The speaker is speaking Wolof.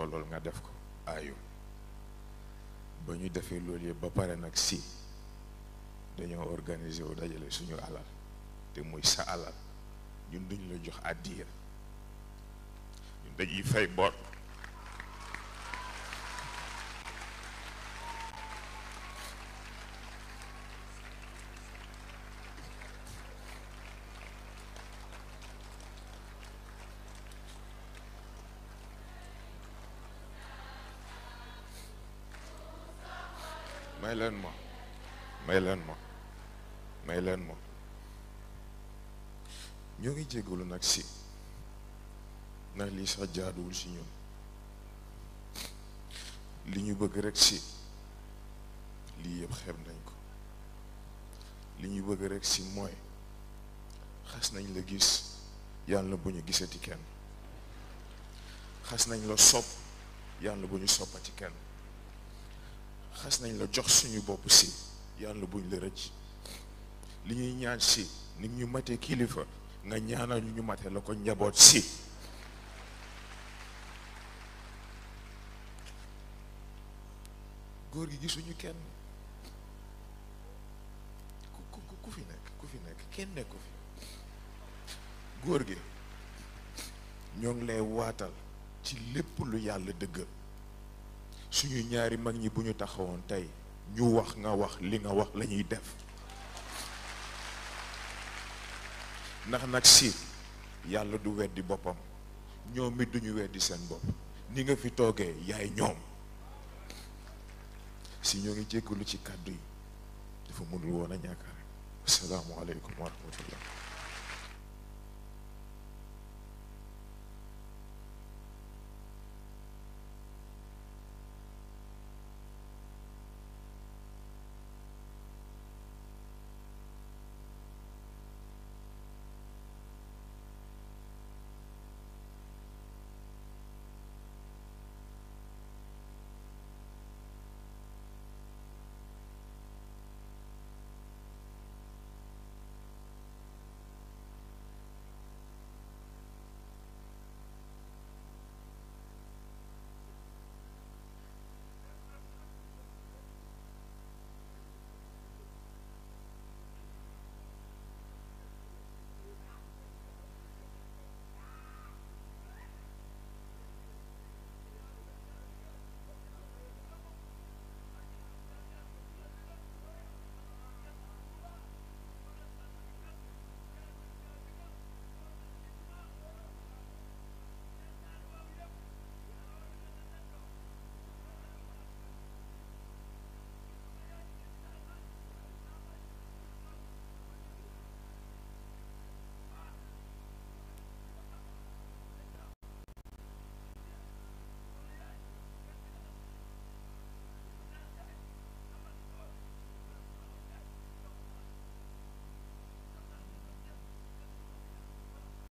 tollool nga def ko aayul ba ñu defee loolu yëpp ba pare nag si dañoo organiser wu dajale suñu alal te muy sa alal ñun duñ la jox àddiya ñun dañuy fay bor may leen ma may leen ma may leen ma ñoo ngi jégalu nag si ndax li sa jaaduwul si ñun li ñu bëgg rek si lii yëpp xeeb nañ ko li ñu bëgg rekk si mooy xas nañ la gis yàlla bu ñu gisati kenn xas nañ la sopp yàlla bu ñu soppati kenn xas nañ la jox suñu bopp si yàlla buñ la rëcc li ñuy ñaan si ni ñu matee kilifa nga ñaanal ñu matee la ko njaboot si góor gi gisuñu kenn ku ku fi nekk ku fi nekk kenn nekku fi góor gi ñoo ngi lay waatal ci lépp lu yàlla dëggal suñu ñaari mag ñi buñu taxawon tay ñu wax nga wax li nga wax lañuy def nak nak si yalla du wéddi bopam ñoom mi duñu wéddi seen bop ni nga fi toogee yaay ñoom si ñoo ngi jéggulu ci kaddu yi dafa mënul woon a wa rahmatullah